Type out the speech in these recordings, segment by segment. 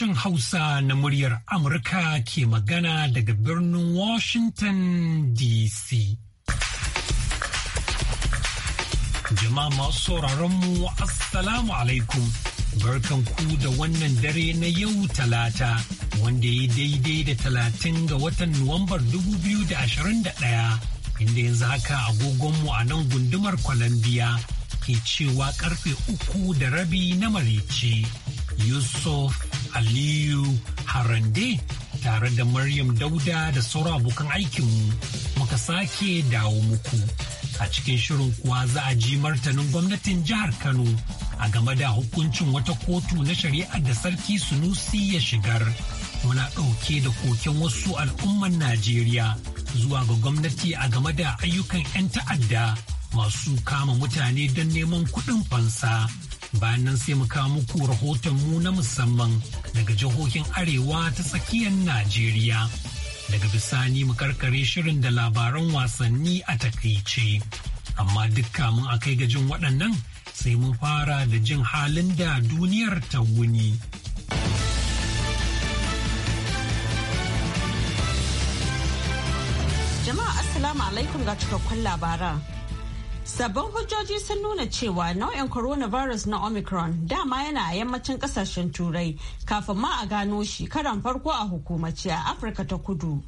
sashen Hausa na muryar Amurka ke magana daga birnin Washington DC. Jama'a masu sauraron mu Assalamu alaikum. ku da wannan dare na yau talata wanda ya daidai da talatin ga watan Nuwambar 2021 inda yanzu haka agogonmu a nan gundumar kwalambiya, ke cewa karfe uku da rabi na marice. Yusuf Aliyu Harande tare da Maryam Dauda da sauran abokan aikinmu muka sake dawo muku. A cikin shirin kuwa za a ji martanin gwamnatin jihar Kano a game da hukuncin wata kotu na shari'a da sarki Sunusi ya shigar. Muna ɗauke da koken wasu al'umman Najeriya zuwa ga gwamnati a game da ayyukan 'yan ta'adda masu kama mutane don neman kuɗin fansa. bayan nan sai mu kawo muku rahotonmu na musamman daga jihohin arewa ta tsakiyar Najeriya. Daga bisani mu karkare shirin da labaran wasanni a takaice. Amma duk kamun a kai gajin waɗannan sai mun fara da jin halin da duniyar ta wuni. Jama'a Assalamu alaikum ga cikakkun labaran. Sabbin hujjoji sun nuna cewa nau'in coronavirus na Omicron dama yana a yammacin kasashen turai kafin ma a gano shi karan farko a hukumace a Afirka ta kudu.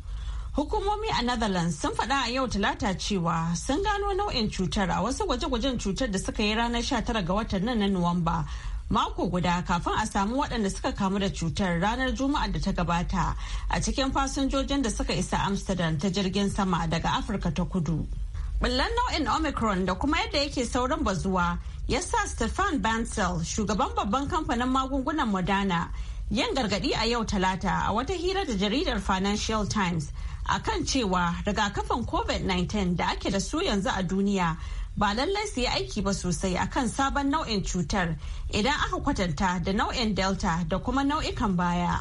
Hukumomi a Netherlands sun faɗa a yau talata cewa sun gano nau'in cutar a wasu gwaje-gwajen cutar da suka yi ranar 19 ga watan nan na Nuwamba mako guda kafin a samu waɗanda suka kamu da cutar ranar juma'ar da ta gabata a cikin fasinjojin da suka isa amsterdam ta jirgin sama daga afirka ta kudu Bullan nau'in Omicron da kuma yadda yake sauran bazuwa ya sa Stefan Bansel, shugaban babban kamfanin magungunan Moderna, yin gargadi a yau talata a wata hira da jaridar Financial Times a kan cewa rigakafin COVID-19 da ake da su yanzu a duniya ba lallai su yi aiki ba sosai a kan sabon nau'in cutar idan aka kwatanta da nau'in delta da kuma nau'ikan baya.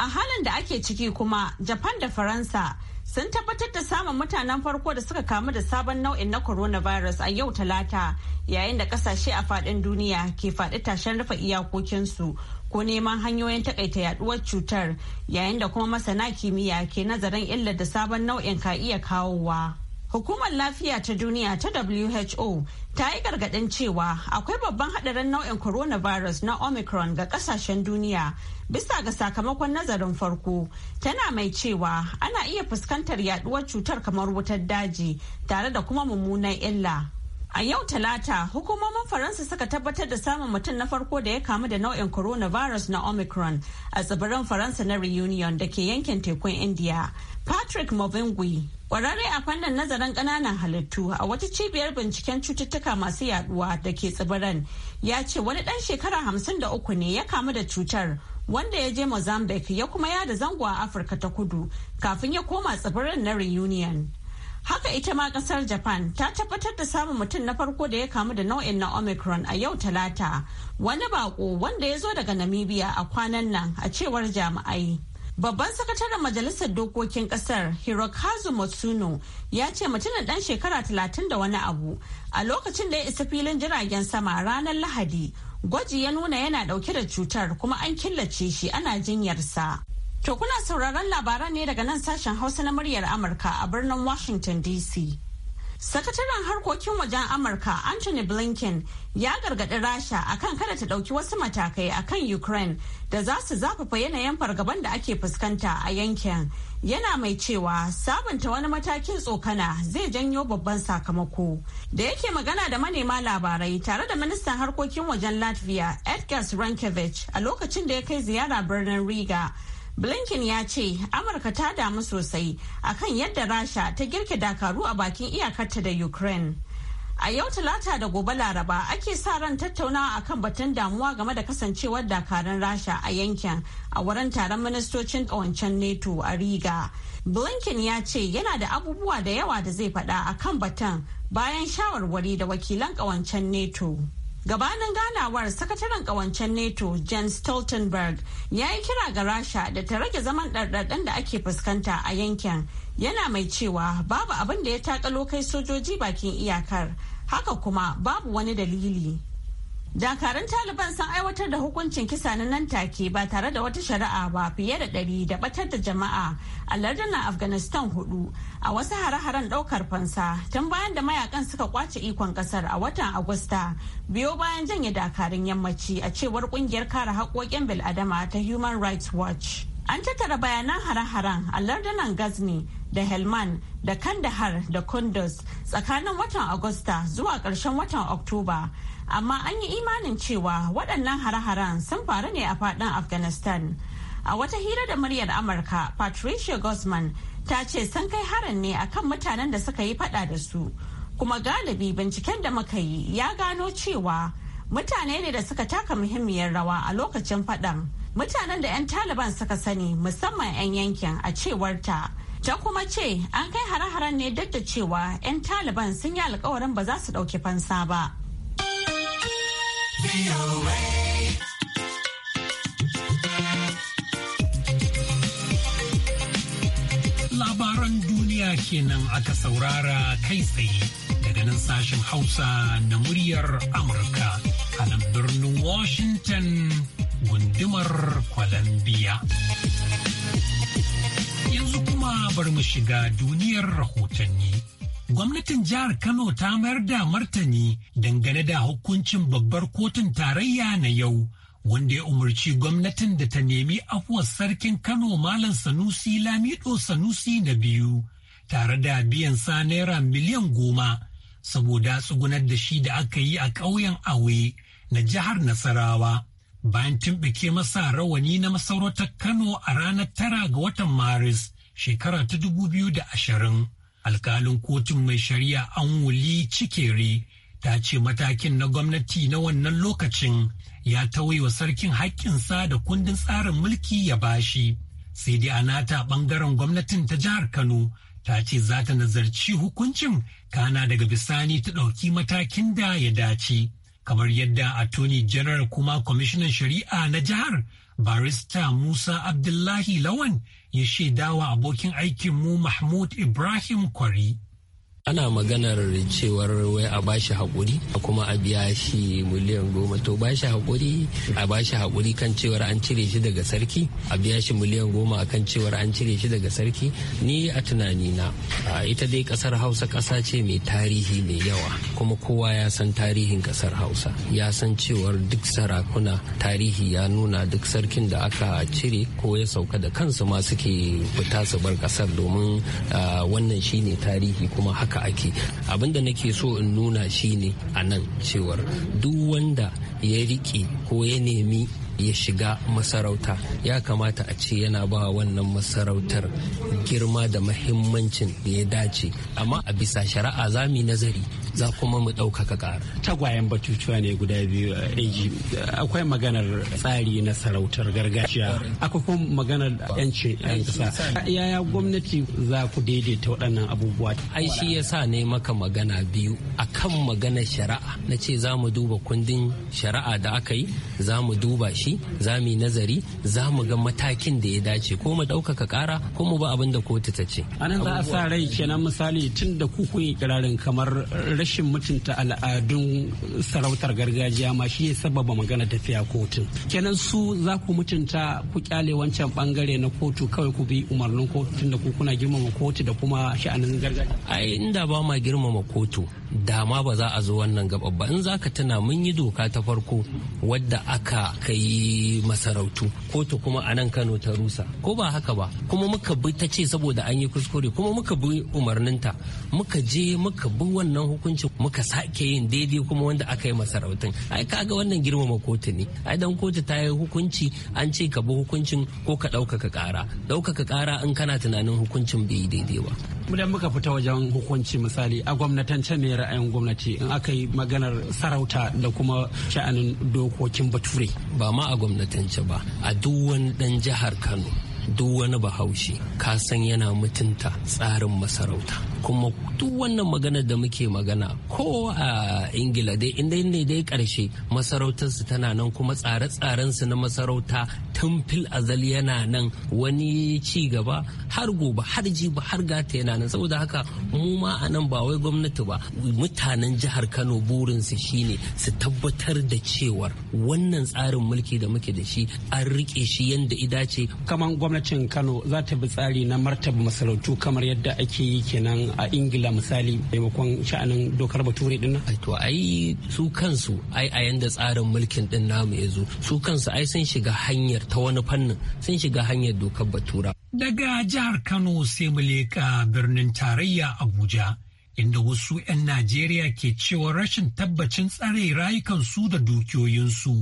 A halin da ake ciki kuma Japan da Faransa sun tabbatar da samun mutanen farko da suka kamu da sabon nau'in na coronavirus a yau talata yayin da kasashe a faɗin duniya ke faɗi tashen rufe iyakokinsu ko neman hanyoyin takaita yaduwar cutar yayin da kuma masana kimiyya ke nazarin illar da sabon nau'in ka iya kawowa. Hukumar lafiya ta duniya ta WHO ta yi gargaɗin cewa akwai babban haɗarin nau'in coronavirus na Omicron ga ƙasashen duniya bisa ga sakamakon nazarin farko tana mai cewa ana iya fuskantar yaɗuwar cutar kamar wutar daji tare da kuma mummunan illa A yau Talata, hukumomin Faransa suka tabbatar da samun mutum na farko da ya kamu da nau'in coronavirus na Omicron a tsibirin Faransa na Reunion da ke yankin tekun India. Patrick Movingui, kwararre a fannin nazarin ƙananan halittu a wata cibiyar binciken cututtuka masu yaduwa da ke tsibiran, ya ce wani ɗan shekara hamsin da uku ne ya kamu da cutar wanda ya je Mozambique ya kuma yada zango a Afirka ta kudu kafin ya koma tsibirin na Reunion. Haka ita ma kasar Japan ta tabbatar da samun mutum na farko da ya kamu da nau'in na Omicron a yau Talata, wani bako wanda ya zo daga Namibia a kwanan nan a cewar jami'ai. Babban sakataren Majalisar Dokokin Kasar Hirokazu Matsuno ya ce mutumin dan shekara talatin da wani abu a lokacin da ya isa filin jiragen sama ranar Lahadi gwaji ya nuna yana dauke da cutar kuma an killace shi ana jinyarsa. To kuna sauraron labaran ne daga nan sashen Hausa na muryar Amurka a birnin Washington DC. Sakataren harkokin wajen Amurka Anthony Blinken ya gargaɗi Rasha akan kada ta ɗauki wasu matakai akan Ukraine da za su zafafa yanayin fargaban da ake fuskanta a yankin. Yana mai cewa sabunta wani matakin tsokana zai janyo babban sakamako. Da yake magana da manema labarai tare da ministan harkokin wajen Latvia Edgars Rankevich a lokacin da ya kai ziyara birnin Riga. Blinken ya ce Amurka ta damu sosai akan yadda Rasha ta girke dakaru a bakin iyakarta da Ukraine. A yau talata da gobe laraba ake sa ran tattaunawa akan batun damuwa game da kasancewar dakarun Rasha a yankin a wurin taron ministocin kawancen NATO a Riga. Blinken ya ce yana da abubuwa da yawa da zai faɗa akan batun bayan shawarwari da wakilan kawancen neto. gabanin ganawar sakataren kawancen nato jens stoltenberg ya yi kira ga rasha da ta rage zaman ɗarɗarɗen da ake fuskanta a yankin yana mai cewa babu abin da ya takalo kai sojoji bakin iyakar haka kuma babu wani dalili Dakarun Taliban sun aiwatar da hukuncin kisa na nan take ba tare da wata shari'a ba fiye da ɗari da batar da jama'a a lardunan Afghanistan hudu a wasu hare-haren ɗaukar fansa tun bayan da mayakan suka kwace ikon ƙasar a watan Agusta biyo bayan janye dakarun yammaci a cewar ƙungiyar kare haƙoƙin bil'adama ta Human Rights Watch. An tattara bayanan hare-haren a lardunan Ghazni da Helman da Kandahar da Kunduz tsakanin watan Agusta zuwa ƙarshen watan Oktoba. amma an yi imanin cewa waɗannan hare-haren sun faru ne a faɗin afghanistan a wata hira da muryar amurka patricia guzman ta ce sun kai harin ne akan mutanen da suka yi faɗa da su kuma galibi binciken da muka yi ya gano cewa mutane ne da suka taka muhimmiyar rawa a lokacin faɗan mutanen da 'yan taliban suka sani musamman 'yan yankin a cewar ta ta kuma ce an kai hare-haren ne duk da cewa 'yan taliban sun yi alkawarin ba za su ɗauki fansa ba Labaran duniya kenan aka saurara kai tsaye daga nan sashen Hausa na muryar Amurka a nan birnin Washington gundumar Columbia. Yanzu kuma bari mu shiga duniyar rahotanni. gwamnatin jihar Kano ta mayar da martani dangane da hukuncin babbar kotun tarayya na yau wanda ya umarci gwamnatin da ta nemi afuwar sarkin Kano Malam Sanusi Lamido Sanusi na biyu tare da biyan sa naira miliyan goma saboda tsugunar da shi da aka yi a ƙauyen Awe na jihar Nasarawa. Bayan tumɓuke masa rawani na masarautar Kano a ranar tara ga watan Maris shekara ta dubu biyu da ashirin. alkalin kotun mai shari'a an wuli cikere ta ce matakin na gwamnati na wannan lokacin ya tawaiwa sarkin haƙƙinsa da kundin tsarin mulki ya bashi sai dai a nata ɓangaren gwamnatin ta jihar kano ta ce za ta nazarci hukuncin kana daga bisani ta ɗauki matakin da ya dace kamar yadda attorney general kuma kwamishinan shari'a na jihar barista musa abdullahi lawan ya shaidawa abokin aikinmu Mahmud Ibrahim Kwari ana maganar cewar wai a bashi haƙuri kuma a biya shi miliyan goma to bashi haƙuri a bashi haƙuri kan cewar an cire shi daga sarki a biya shi miliyan goma a kan cewar an cire shi daga sarki ni a tunani tunanina ita dai ƙasar hausa ƙasa ce mai tarihi mai yawa kuma kowa ya san tarihin ƙasar hausa ya san cewar duk sarakuna tarihi ya nuna duk sarkin da aka cire ko ya sauka da kansu ma suke fita su bar ƙasar domin wannan shine tarihi kuma haka haka ake da nake so in nuna shine a nan cewar duk wanda ya riƙe ko ya nemi ya shiga masarauta ya kamata a ce yana ba wannan masarautar girma da mahimmancin da ya dace amma a bisa shari'a za mu nazari za kuma mu ɗaukaka ƙara. Tagwayen batutuwa ne guda biyu a AG. Akwai maganar tsari na sarautar gargajiya. Akwai kuma maganar 'yancin 'yan ƙasa. Yaya gwamnati za ku daidaita waɗannan abubuwa? Ai shi ya sa ne maka magana biyu a kan maganar shari'a. Na ce za mu duba kundin shari'a da aka yi, za mu duba shi, za mu yi nazari, za mu ga matakin da ya dace ko mu ɗaukaka ƙara ko mu ba abin da kotu ta ce. Anan za a sa rai kenan misali tun da kuku kirarin kamar rashin rashin mutunta al'adun sarautar gargajiya ma shi ya sababa magana tafiya kotun kenan su za ku mutunta ku kyale wancan bangare na kotu kawai ku bi umarnin kotun da ku kuna girmama kotu da kuma sha'anin gargajiya ai inda ba ma girmama kotu dama ba za a zo wannan gaba ba in za ka tuna mun yi doka ta farko wadda aka kai masarautu ko ta kuma a nan kano ta rusa ko ba haka ba kuma muka bi ta ce saboda an yi kuskure kuma muka bi umarninta muka je muka bi wannan hukuncin muka sake yin daidai kuma wanda aka yi masarautun ai ka ga wannan girmama kotu ne ai dan kotu ta yi hukunci an ce ka bi hukuncin ko ka ɗaukaka ƙara ɗaukaka ƙara in kana tunanin hukuncin bai yi daidai ba idan muka fita wajen hukunci misali a gwamnatance ne ra'ayin gwamnati in aka yi maganar sarauta da kuma sha'anin dokokin bature ba ma a gwamnatance ba a duk wani dan jihar kano duk wani bahaushe ka san yana mutunta tsarin masarauta kuma duk wannan maganar da muke magana ko a ingila dai inda ne dai karshe masarautarsu tana nan kuma tsare-tsarensu na masarauta tun fil azal yana nan wani ci gaba har gobe har jiba har gata yana nan saboda haka mu ma a nan ba wai gwamnati ba mutanen jihar kano burinsu shine su tabbatar da cewar wannan tsarin mulki da muke da shi an rike shi yadda idace kamar gwamnatin kano za ta bi tsari na martaba masarautu kamar yadda ake yi kenan a ingila misali maimakon sha'anin dokar bature din nan to ai su kansu ai a yanda tsarin mulkin din namu ya zo su kansu ai sun shiga hanyar ta wani fannin sun shiga hanyar dokar batura daga jihar kano sai mu leka birnin tarayya abuja inda wasu 'yan Najeriya ke cewa rashin tabbacin tsare rayukansu da dukiyoyinsu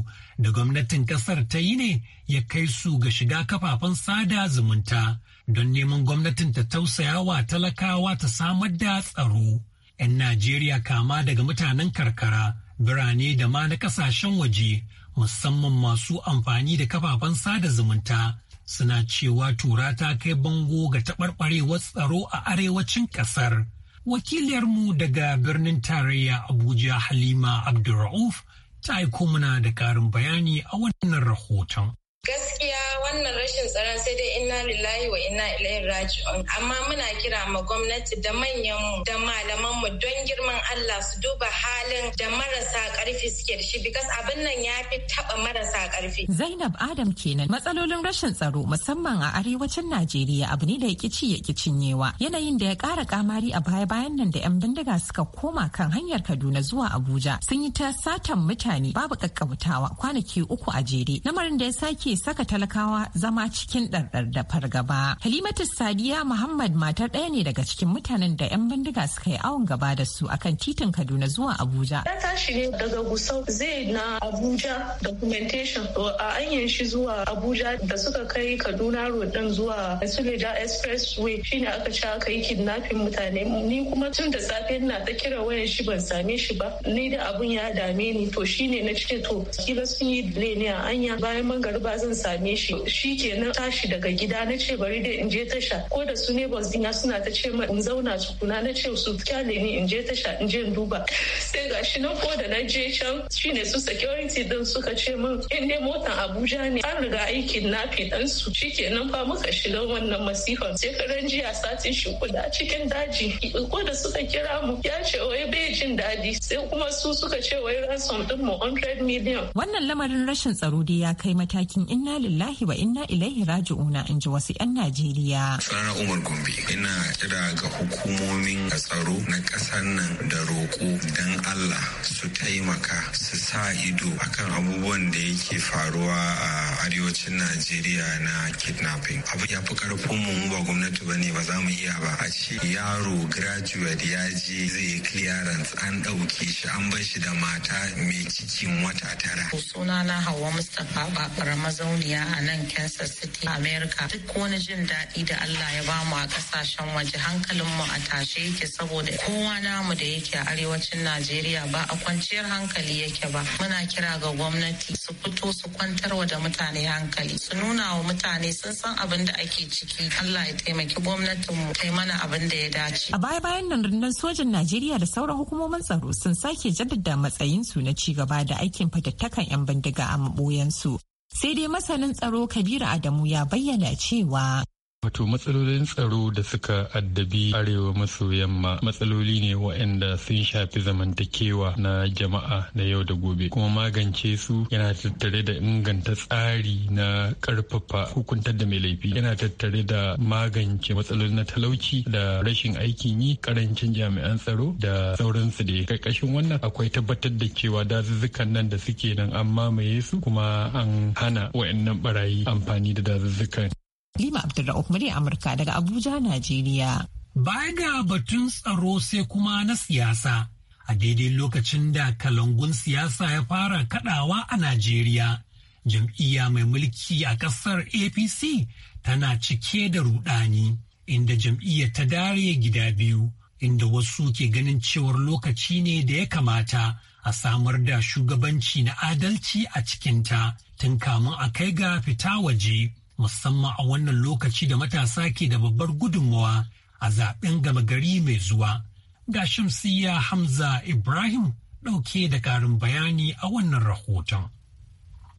da gwamnatin kasar ta yi ne ya kai su ga shiga kafafen sada zumunta don neman gwamnatin ta tausaya wa talakawa ta samar da tsaro. 'Yan Najeriya kama daga mutanen karkara, birane da ma na kasashen waje, musamman masu amfani da kafafen sada zumunta, suna cewa tura ta kai bango ga taɓarɓarewar tsaro a arewacin ƙasar. Wakiliyarmu daga birnin tarayya Abuja Halima Abdulra'uf ta aiko muna da ƙarin bayani a wannan rahoton. Gaskiya wannan rashin tsaron sai dai inna lillahi wa inna ilaihi raji'un amma muna kira ma gwamnati da manyan mu da malaman mu don girman Allah su duba halin da marasa karfi suke da shi because abin nan ya fi taba marasa karfi Zainab Adam kenan matsalolin rashin tsaro musamman a arewacin Najeriya abu ne da yake ci yake cinyewa yanayin da ya kara kamari a baya bayan nan da yan bindiga suka koma kan hanyar Kaduna zuwa Abuja sun yi ta satan mutane babu kakkautawa kwanaki uku a jere lamarin da ya sake saka talakawa zama cikin ɗarɗar da fargaba. Halimatu Sadiya Muhammad matar ɗaya ne daga cikin mutanen da 'yan bindiga suka yi awon gaba da su akan titin Kaduna zuwa Abuja. Ya tashi ne daga Gusau zai na Abuja documentation a anyan shi zuwa Abuja da suka kai Kaduna road ɗin zuwa Suleja expressway shine aka ci aka yi kidnapping mutane ni kuma tun da safe na ta kira wayan shi ban same shi ba ni da abun ya dame ni to shine na ce to kila sun yi delay ne a anya bayan mangaruba zan same shi shi kenan tashi daga gida na ce bari dai in je tasha ko da su neighbors dina suna ta ce in zauna tukuna na ce su kyale ni in je tasha in je in duba sai gashi na ko da na je can shine su security din suka ce min in dai motan Abuja ne an riga aikin na fitan su shikenan fa muka shiga wannan masifan sai jiya satin shi kuda cikin daji ko da suka kira mu ya ce wai bai jin daɗi sai kuma su suka ce wai ransom din mu 100 million wannan lamarin rashin tsaro dai ya kai matakin inna lillahi wa inna ilaihi raji'una in ji wasu 'yan Najeriya. Sana Umar Gombe ina kira ga hukumomin tsaro na ƙasar nan da roƙo don Allah su taimaka su sa ido akan abubuwan da yake faruwa a arewacin Najeriya na kidnapping. Abu ya fi karfin mu ba gwamnati ba ne ba za mu iya ba a ce yaro graduate ya je zai clearance an ɗauke shi an bar shi da mata mai cikin wata tara. Sunana Hauwa Mustapha ba mazauniya a nan Kansas City, America. Duk wani jin daɗi da Allah ya bamu a ƙasashen waje hankalin mu a tashe yake saboda kowa namu da yake a arewacin Najeriya ba a kwanciyar hankali yake ba. Muna kira ga gwamnati su fito su kwantarwa da mutane hankali su nuna wa mutane sun san abin da ake ciki. Allah ya taimaki gwamnatinmu kai mana abin da ya dace. A baya bayan nan rundunar sojin Najeriya da sauran hukumomin tsaro sun sake jaddada matsayinsu na ci gaba da aikin fatattakan 'yan bindiga a maɓoyansu. Sai dai masanin tsaro Kabiru Adamu ya bayyana cewa Wato matsalolin tsaro da suka addabi arewa maso yamma matsaloli ne waɗanda sun shafi zamantakewa na jama'a na yau da gobe kuma magance su yana tattare da inganta tsari na ƙarfafa hukuntar da mai laifi yana tattare da magance matsaloli na talauci da rashin aikin yi karancin jami'an tsaro da sauransu da karkashin wannan akwai tabbatar da cewa dazuzzukan nan da suke nan an mamaye su kuma an hana waɗannan barayi amfani da dazuzzukan. Lima Abdulra'uf murya Amurka daga Abuja, Najeriya. Baya ga batun tsaro sai kuma na siyasa. A daidai lokacin da kalangun siyasa ya fara kadawa a Najeriya, jam'iyya mai mulki a ƙasar APC tana cike da rudani, inda jam'iyya ta dare gida biyu, inda wasu ke ganin cewar lokaci ne da ya kamata a samar da shugabanci na adalci a cikinta tun kamun a kai ga fita waje. musamman a wannan lokaci da matasa ke da babbar gudunmawa a zaben gama gari mai zuwa. Ga Shamsiyya Hamza Ibrahim ɗauke da ƙarin bayani a wannan rahoton.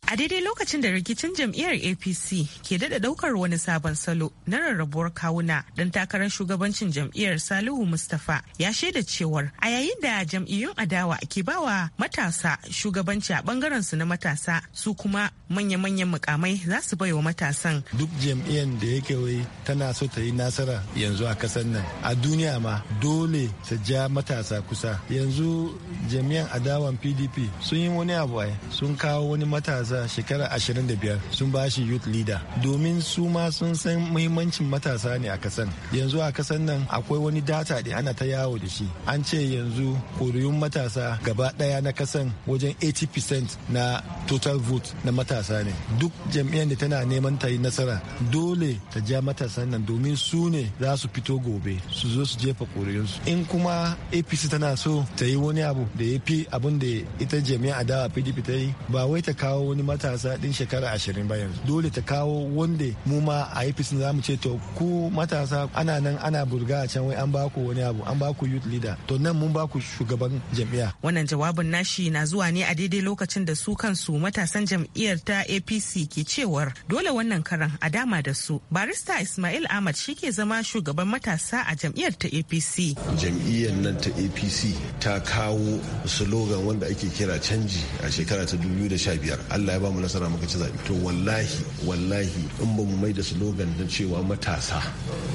A daidai lokacin da rikicin jam'iyyar APC ke dada daukar wani sabon salo na rarrabuwar kawuna dan takarar shugabancin jam'iyyar Salihu Mustapha ya shaida cewar a yayin da jam'iyyun adawa ke bawa matasa shugabanci a bangaren su na matasa su kuma manya-manyan mukamai za su baiwa matasan. Duk jam'iyyar da yake wai tana so ta yi nasara yanzu a kasar nan a duniya ma dole ta ja matasa kusa yanzu jam'iyyar adawan PDP sun yi wani abu sun kawo wani matasa matasa shekara 25 sun ba shi youth leader domin su ma sun san muhimmancin matasa ne a kasan yanzu a kasan nan akwai wani data da ana ta yawo da shi an ce yanzu koriyun matasa gaba daya na kasan wajen 80% na total vote na matasa ne duk jam'iyyar da tana neman ta yi nasara dole ta ja matasan nan domin su ne za su fito gobe su zo su jefa koriyunsu in kuma apc tana so ta yi wani abu da ya fi abin da ita jam'iyyar adawa pdp ta yi ba wai ta kawo wani matasa din shekara ashirin ba yanzu dole ta kawo wanda mu ma a yi fisin za mu ce to ku matasa ana nan ana burga a can wai an baku wani abu an baku youth leader to nan mun baku shugaban jam'iyya. wannan jawabin nashi na zuwa ne a daidai lokacin da su kansu matasan jam'iyyar ta apc ke cewar dole wannan karan a dama da su barista ismail ahmad shi ke zama shugaban matasa a jam'iyyar ta apc jam'iyyar nan ta apc ta kawo slogan wanda ake kira canji a shekara ta 2015 Allah ya ba mu nasara muka ci zaɓe to wallahi wallahi in ba mu mai da slogan na cewa matasa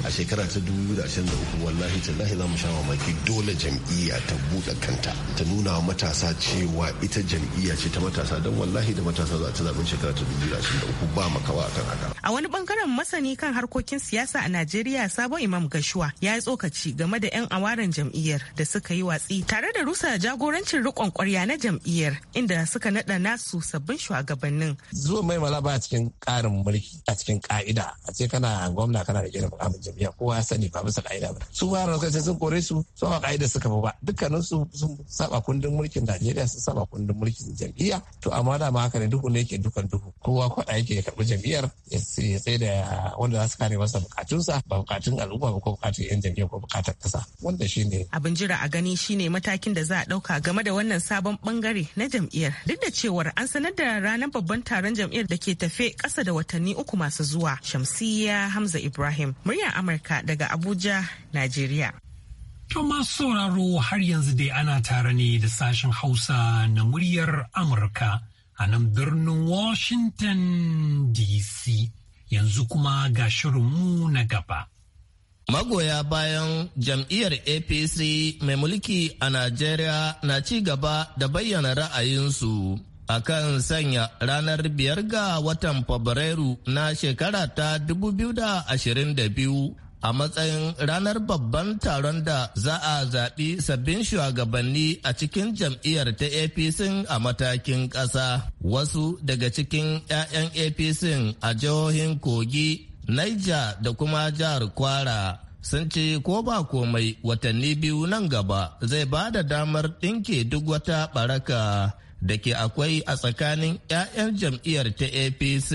a shekara ta 2023 wallahi tallahi za mu sha mamaki dole jam'iyya ta buɗe kanta ta nuna wa matasa cewa ita jam'iyya ce ta matasa don wallahi da matasa za ta zaɓi shekara ta 2023 ba makawa akan haka a wani bangaren masani kan harkokin siyasa a Najeriya sabon Imam Gashuwa ya yi tsokaci game da 'yan awaren jam'iyyar da suka yi watsi tare da rusa jagorancin riƙon ƙwarya na jam'iyyar inda suka naɗa nasu sabbin shugabanni shugabannin. Zuwa mai mala ba cikin ƙarin mulki a cikin ka'ida a ce kana gwamna kana da irin mukamin jami'a kowa ya sani ba bisa ka'ida ba. Su ba na sai sun kore su su ba ƙa'ida suka ba dukkanin su sun saba kundin mulkin Najeriya sun saba kundin mulkin jam'iyya to amma da ma haka ne duhu ne ke dukan duhu kowa kwaɗa yake ya karɓi jam'iyyar ya tsaye da wanda za su kare masa bukatunsa ba bukatun al'umma ba ko bukatun 'yan jam'iyyar ko buƙatar ƙasa wanda shi ne. Abin jira a gani shine matakin da za a ɗauka game da wannan sabon bangare na jam'iyyar duk da cewar an sanar da ranar babban taron jam'iyyar da ke tafe ƙasa da watanni uku masu zuwa shamsiya hamza ibrahim muryar amurka daga abuja najeriya To masu sauraro har yanzu dai ana tare ne da sashen Hausa na muryar Amurka a nan birnin Washington DC. Yanzu kuma ga shirinmu na gaba. Magoya bayan jam'iyyar APC mai mulki a Najeriya na ci gaba da bayyana ra'ayinsu a kan sanya ranar biyar ga watan Fabrairu na shekara ta 2022 a matsayin ranar babban taron da za a zaɓi sabbin shugabanni a cikin jam'iyyar ta apc a matakin ƙasa wasu daga cikin 'ya'yan apc a jihohin kogi niger da kuma jihar kwara sun ce ko ba komai watanni biyu nan gaba zai ba da damar ɗinke duk wata ɓaraka da ke akwai a tsakanin 'ya'yan jam'iyyar ta apc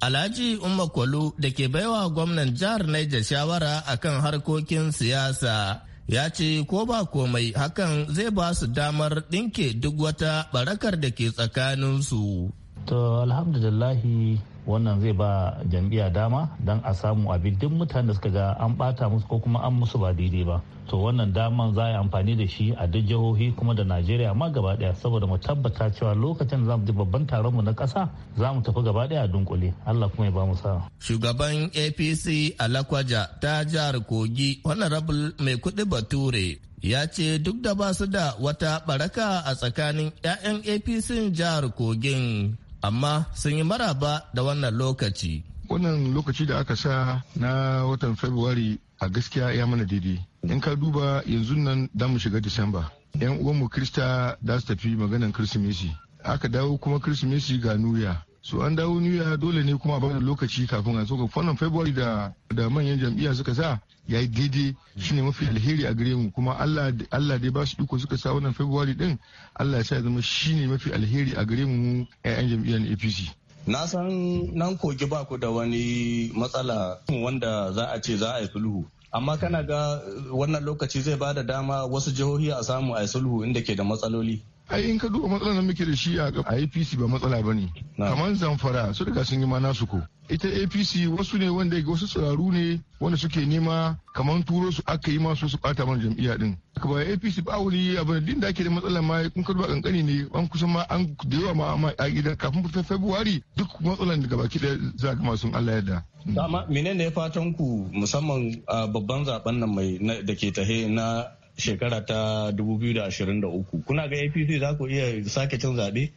alhaji umma kwalu da ke baiwa gwamnan jihar niger shawara akan harkokin siyasa ya ce ko ba komai hakan zai ba su damar ɗinke duk wata barakar da ke tsakaninsu to alhamdulillahi wannan zai ba jam'iyya dama don a samu abin duk mutanen da suka ga an bata musu ko kuma an musu ba daidai ba to wannan daman za a yi amfani da shi a duk jihohi kuma da najeriya ma gaba daya saboda mu tabbata cewa lokacin za mu ji babban taron mu na kasa za mu tafi gaba daya a dunkule allah kuma ya ba mu sa shugaban apc alakwaja ta jihar kogi rabul mai kuɗi bature ya ce duk da ba su da wata baraka a tsakanin 'ya'yan apc jihar kogin amma sun yi maraba da wannan lokaci. Wannan lokaci da aka sa na watan Fabrairu a gaskiya ya mana daidai. In ka duba yanzu nan da mu shiga Disamba. 'Yan uwanmu Krista da su tafi maganan Kirsimeti. Aka dawo kuma Kirsimeti ga Nuya. su an dawo new year dole ne kuma a bada lokaci kafin a soka wannan february da da manyan jam'iyya suka sa ya yi daidai shine mafi alheri a gare mu kuma allah dai ba su suka sa wannan february din allah ya sa ya zama shine mafi alheri a gare mu 'ya'yan jam'iyyar apc na san nan kogi ba ku da wani matsala wanda za a ce za a yi sulhu amma kana ga wannan lokaci zai ba da dama wasu jihohi a samu a yi sulhu inda ke da matsaloli ai in ka duba matsalar da muke da shi a apc ba matsala ba ne kamar zamfara su riga sun yi ma nasu ko ita apc wasu ne wanda wasu tsiraru ne wanda suke nema kamar turo su aka yi masu su bata mana jam'iyya din ba apc ba wani abin din da ake da matsala ma kun karba kankani ne an kusan ma an da yawa ma a gidan kafin fitar february duk matsalan daga baki da za ga masu Allah yadda dama menene fatan ku musamman babban zaben nan mai da ke tahe na shekara ta 2023 kuna ga apc za ku iya sake cin zaɓe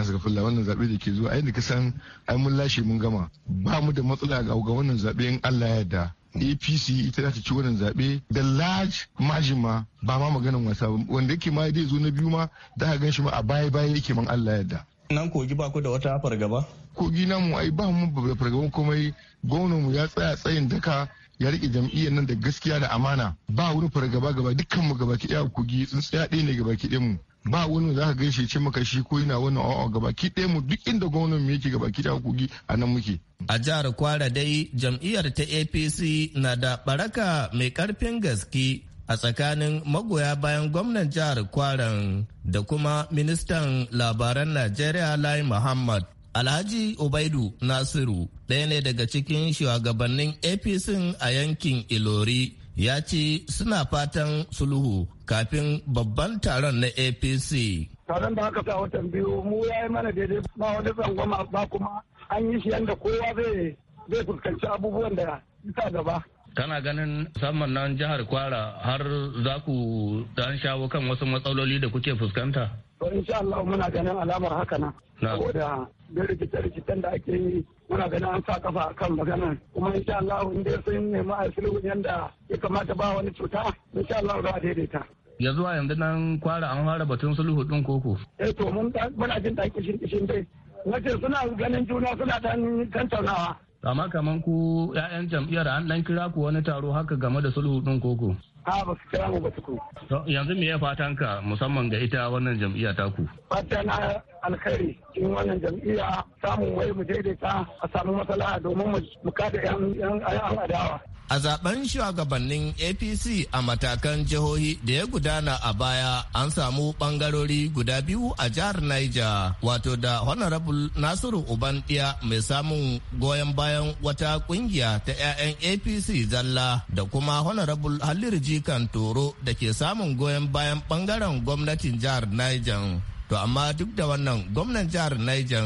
asgafulla wannan zaɓe da ke zuwa ai da kasan ai mun lashe mun gama ba mu da matsala ga wannan zaɓe in allah ya yarda apc ita za ta ci wannan zaɓe da large margin ma ba ma maganin wasa wanda yake ma zai zo na biyu ma da gan shi ma a baya baya yake man allah ya yarda nan kogi ba ku da wata fargaba kogi na mu ai ba mu da fargaban komai gwamnan mu ya tsaya tsayin daka ya rike jam'iyyar nan da gaskiya da amana ba wani fargaba gaba dukkan mu gaba kugi sun tsintsiya ɗaya ne gaba ɗaya mu ba wani za ka gaishe ce maka shi ko yana wani a'a gaba ɗaya mu duk inda gwamnan mu yake gaba kiɗaya kugi a nan muke. a jihar kwara dai jam'iyyar ta apc na da baraka mai karfin gaske a tsakanin magoya bayan gwamnan jihar kwaran da kuma ministan labaran najeriya lai muhammad Alhaji Ubaidu Nasiru ɗaya ne daga cikin shugabannin APC a yankin Ilori ya ce suna fatan sulhu kafin babban taron na APC. Taron da aka sa watan biyu mu ya yi mana daidai ba wani tsangwama ba kuma an yi shi yadda kowa zai fuskanci abubuwan da ta gaba. Kana ganin saman nan jihar Kwara har za ku dan shawo kan wasu matsaloli da kuke fuskanta? to insha Allah muna ganin alamar haka na saboda da rikice-rikicen da ake yi muna ganin an sa kafa a kan maganar kuma insha Allah in dai sun nemi a sulhun yanda ya kamata ba wani cuta insha Allah za a daidaita ya zuwa yanzu nan kwara an fara batun sulhu din koko eh to mun muna jin da kishin kishin dai wace suna ganin juna suna dan tantaunawa amma kaman ku 'ya'yan jam'iyyar an dan kira ku wani taro haka game da sulhu din koko A'a, ba su kira mu ba ko. yanzu me ya fatan ka musamman ga ita wannan jam'iyya taku. ku. na alkhairi in wannan jam'iyya samun wai mu daidaita a samu matsala domin mu kada yan adawa. a zaben shugabannin apc a matakan jihohi da ya gudana a baya an samu bangarori guda biyu a jihar niger wato da honorable nasiru ubandiya mai samun goyon bayan wata kungiya ta 'ya'yan apc zalla da kuma honorable Halil jikan toro da ke samun goyon bayan bangaren gwamnatin jihar niger to amma duk da wannan gwamnan jihar niger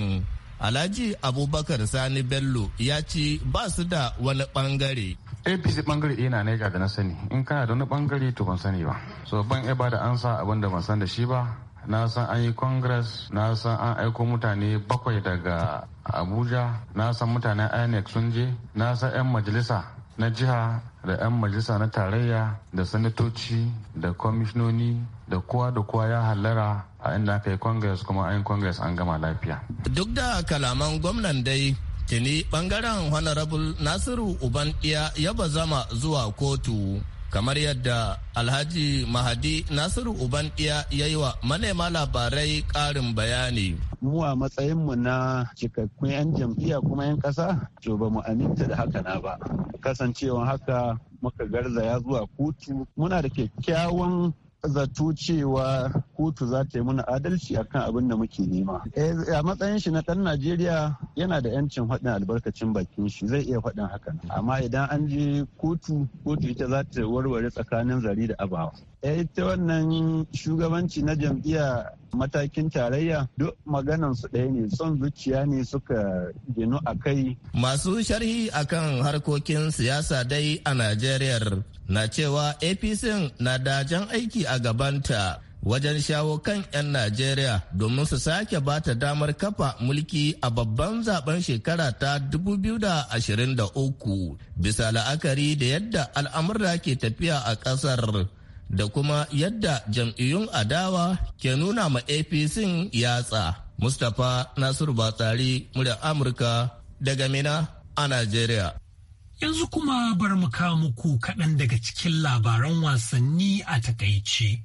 Alhaji Abubakar Sani Bello ya ce ba su da wani bangare. apc bangare ina ne ga da na sani in kana da wani bangare to ban sani ba so ban iya ba da ansa abin da ban san da shi ba na san an yi congress na san an aiko mutane bakwai daga abuja na san mutanen inec sun je na san 'yan majalisa na jiha da 'yan majalisa na tarayya da sanatoci da kwamishinoni da kowa da kowa ya hallara a inda aka yi congress kuma an yi congress an gama lafiya duk da kalaman gwamnan dai tuni bangaren honorable nasiru uban ɗiya ya bazama zuwa kotu kamar yadda alhaji mahadi nasiru ubandiya ya yi wa manema labarai karin bayani mu a matsayinmu na cikakkun 'yan jam'iyya kuma 'yan ƙasa to ba mu aminta da haka na ba kasancewan haka muka garzaya zuwa kotu muna da kyakkyawan zato cewa kotu za ta yi mana adalci akan abin da muke nema eh, a matsayin shi na ɗan najeriya yana da yancin faɗin albarkacin bakin shi zai iya faɗin hakan amma idan an je kotu kotu ita za ta warware tsakanin zari da abawa eh, Ta wannan shugabanci na jam'iyya matakin tarayya duk maganan su ɗaya ne son zuciya ne suka ginu a kai. Masu sharhi akan harkokin siyasa dai a Najeriya na cewa APC na dajan aiki a gabanta wajen shawo kan 'yan Najeriya domin su sake ba ta damar kafa mulki a babban zaben shekara ta 2023 bisa la'akari da yadda al'amurra ke tafiya a ƙasar da kuma yadda jam'iyyun adawa ke nuna ma APC yatsa. Mustapha Nasiru Batsari, murya Amurka daga Mina a Najeriya. Yanzu kuma bar mu kawo muku kaɗan daga cikin labaran wasanni a takaice.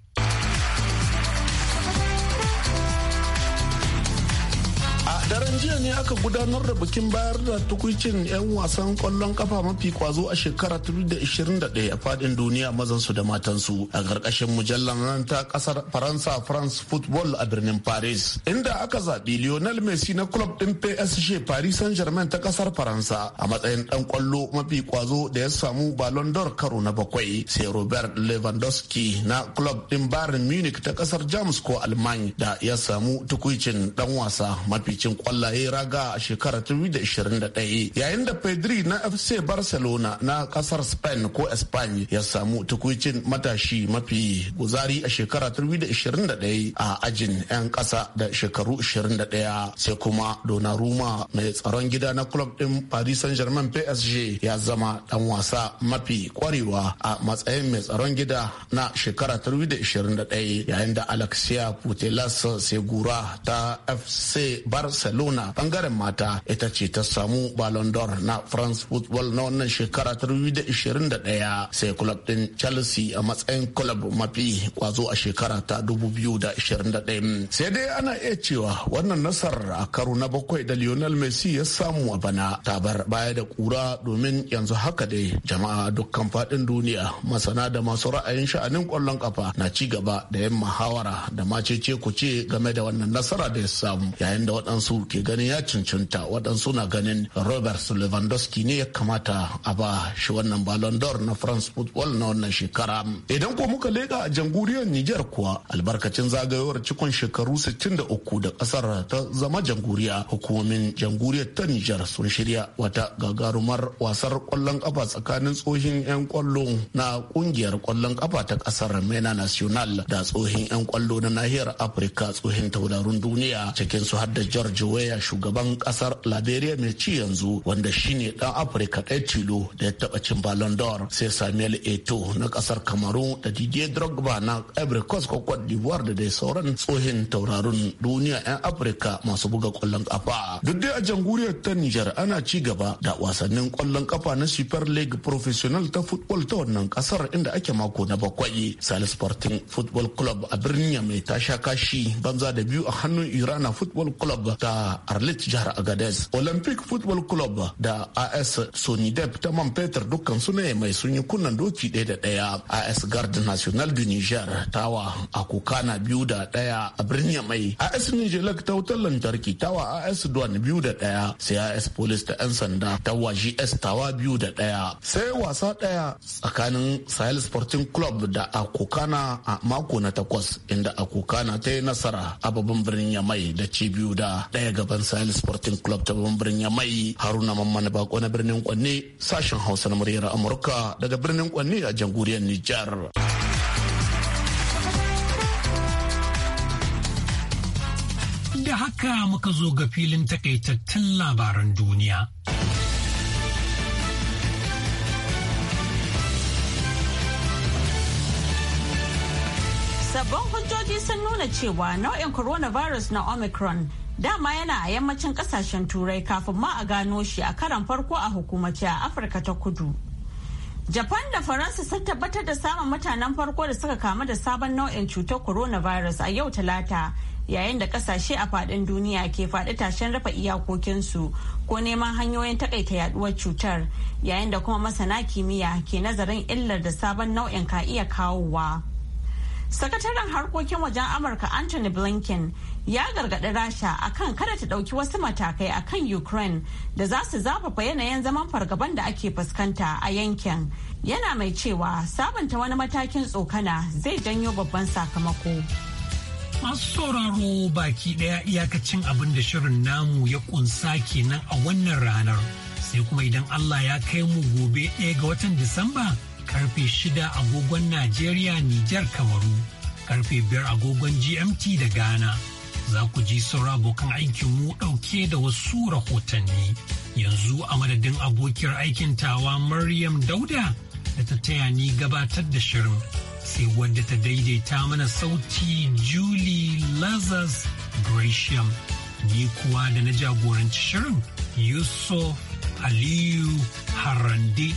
better jiya ne aka gudanar da bikin bayar da tukucin 'yan wasan kwallon kafa mafi kwazo a shekara 2021 a fadin duniya mazansu da matansu a ƙarƙashin mujallar nan ta kasar Faransa France Football a birnin Paris inda aka zaɓi Lionel Messi na club ɗin PSG Paris Saint-Germain ta ƙasar Faransa a matsayin ɗan kwallo mafi kwazo da ya samu Ballon d'Or karo na bakwai sai Robert Lewandowski na club ɗin Bayern Munich ta ƙasar Jamus ko Alman da ya samu tukucin ɗan wasa mafi cin kwallon ya yi raga a shekarar 2021 yayin da Pedri na FC Barcelona na kasar Spain ko espan ya samu tukuicin matashi mafi guzari a shekarar 2021 a ajin 'yan ƙasa da shekaru 21 sai kuma Donnarumma mai tsaron gida na club ɗin Paris Saint-Germain PSG ya zama dan wasa mafi kwarewa a matsayin mai tsaron gida na shekara 2021 yayin da Alexia Putelas Segura ta FC Barcelona wannan bangaren mata ita ce ta samu ballon d'or na france football na wannan shekara ta 2021 sai club din chelsea a matsayin club mafi kwazo a shekara ta 2021 sai dai ana iya cewa wannan nasarar a karo na bakwai da lionel messi ya samu a bana ta bar baya da kura domin yanzu haka dai jama'a dukkan faɗin duniya masana da masu ra'ayin sha'anin kwallon kafa na ci gaba da yin muhawara da ce ku ce game da wannan nasara da ya samu yayin da waɗansu ke ganin ya cancanta waɗansu na ganin robert lewandowski ne ya kamata a ba shi wannan ballon d'or na france football na wannan shekara idan ko muka leka a jamhuriyar niger kuwa albarkacin zagayowar cikon shekaru 63 da ƙasar ta zama jamhuriya hukumomin janguriyar ta niger sun shirya wata gagarumar wasar ƙwallon ƙafa tsakanin tsohin 'yan kwallo na ƙungiyar ƙwallon ƙafa ta ƙasar mena national da tsohin 'yan kwallo na nahiyar afirka tsohin taurarin duniya cikin su har da george weah da shugaban kasar liberia mai ci yanzu wanda shine dan afirka ɗaya tilo da ya taɓa cin ballon d'or sai samuel eto na kasar cameroon da didier drogba na ivory coast ko cote d'ivoire da dai sauran tsohin taurarin duniya 'yan afirka masu buga kwallon kafa duk dai a jamhuriyar ta niger ana ci gaba da wasannin kwallon kafa na super league professional ta football ta wannan kasar inda ake mako na bakwai salis sporting football club a birnin yamai ta sha kashi banza da biyu a hannun irana football club ta arlit jihar agadez olympic football club da as sonidep ta man Peter dukkan su ne mai sun yi kunnan doki ɗaya da ɗaya as guard national du niger tawa a kokana biyu da ɗaya a birnin mai as Lake ta wutar lantarki tawa as Duan biyu da ɗaya sai as police da 'yan sanda tawa gs tawa biyu da ɗaya sai wasa ɗaya tsakanin sahel sporting club da akokana a mako na takwas inda akokana ta yi nasara a babban birnin yamai da ci biyu da ɗaya gaba gaban sahel sporting club ta babban birnin mai haruna mamman bako na birnin kwanne sashen hausa na muryar amurka daga birnin kwanne a jamhuriyar nijar da haka muka zo ga filin takaitattun labaran duniya Sabon hujjoji sun nuna cewa nau'in coronavirus na Omicron dama yana a yammacin kasashen turai kafin ma a gano shi a karan farko a hukumace a afirka ta kudu japan da faransa sun tabbatar da samun mutanen farko da suka kamu da sabon nau'in cutar coronavirus a yau talata yayin da kasashe a fadin duniya ke faɗi tashen rafa iyakokinsu ko neman hanyoyin takaita yaduwar cutar yayin da kuma masana kimiyya ke nazarin illar da sabon nau'in ka iya kawowa sakataren harkokin wajen amurka anthony blinken ya gargaɗi rasha akan kada ta ɗauki wasu matakai akan ukraine da za su zafafa yanayin zaman fargaban da ake fuskanta a yankin yana mai cewa sabunta wani matakin tsokana zai janyo babban sakamako masu sauraro baki ɗaya iyakacin abin da shirin namu ya kunsa kenan a wannan ranar sai kuma idan allah ya kai mu gobe ɗaya ga watan disamba karfe shida agogon najeriya nijar kamaru karfe biyar agogon gmt da ghana za ku ji saura abokan aikinmu ɗauke da wasu rahotanni. Yanzu a madadin abokiyar aikin tawa Maryam Dauda da ta taya ni gabatar da shirin. Sai wanda ta daidaita mana sauti Julie lazars gresham Ni kuwa da na jagoranci shirin Yusuf Aliyu Harande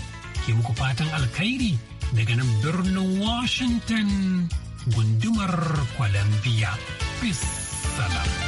ke muku fatan alkhairi daga nan birnin Washington gundumar Columbia. Peace. sana.